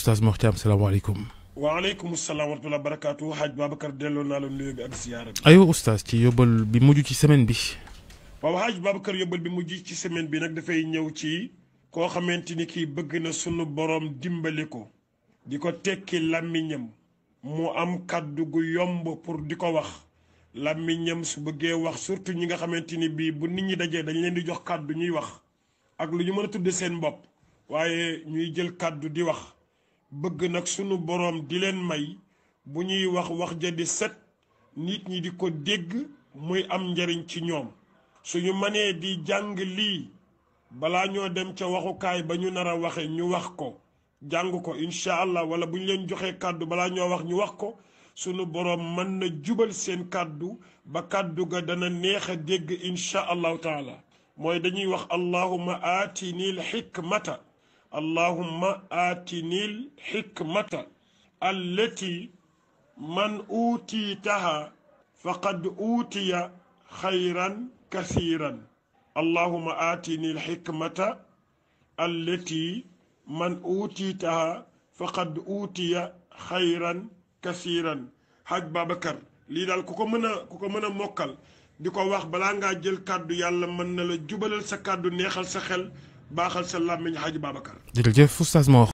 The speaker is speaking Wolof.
Oustaz Mor Thiam waaleykum salaam wa rahmatulah barakaatu Hadj Babacar delloo naa la nuyoo bi ak ci yóbbal bi mujj ci semaine bi. waaw Hadj Babacar yóbbal bi mujj ci semaine bi nag dafay ñëw ci. koo xamante ni kii bëgg na sunu boroom dimbali ko. di ko tekki làmmiñam mu am kàddu gu yomb pour di ko wax. làmmiñam su bëggee wax surtout ñi nga xamante ni bii bu nit ñi dajee dañu leen di jox kàddu ñuy wax. ak lu ñu mën a tudde seen bopp. waaye ñuy jël kàddu di wax. bëgg nag sunu borom di leen may bu ñuy wax wax ja di set nit ñi di ko dégg muy am njariñ ci ñoom suñu mënee di jàng lii balaa ñoo dem ca waxukaay ba ñu nar a waxee ñu wax ko jàng ko incha allah wala bu ñu leen joxee kàddu balaa ñoo wax ñu wax ko sunu boroom mën na jubal seen kàddu ba kàddu ga dana neex a dégg incha allahu taala mooy dañuy wax allahuma aatini l xikmata اللهم آتني الحكمة التي من أوتيتها فقد أوتي خيرا كثيرا اللهم آتني الحكمة التي من أوتيتها فقد أوتي خيرا كثيرا حاج بابكر لي دال كوكو منا كوكو منا موكال ديكو واخ بلا nga jël kaddu yalla man na la jubalal sa kaddu neexal sa xel baaxal sa làmmiñ Xaaji Babacar. jërëjëf Oustaz Mor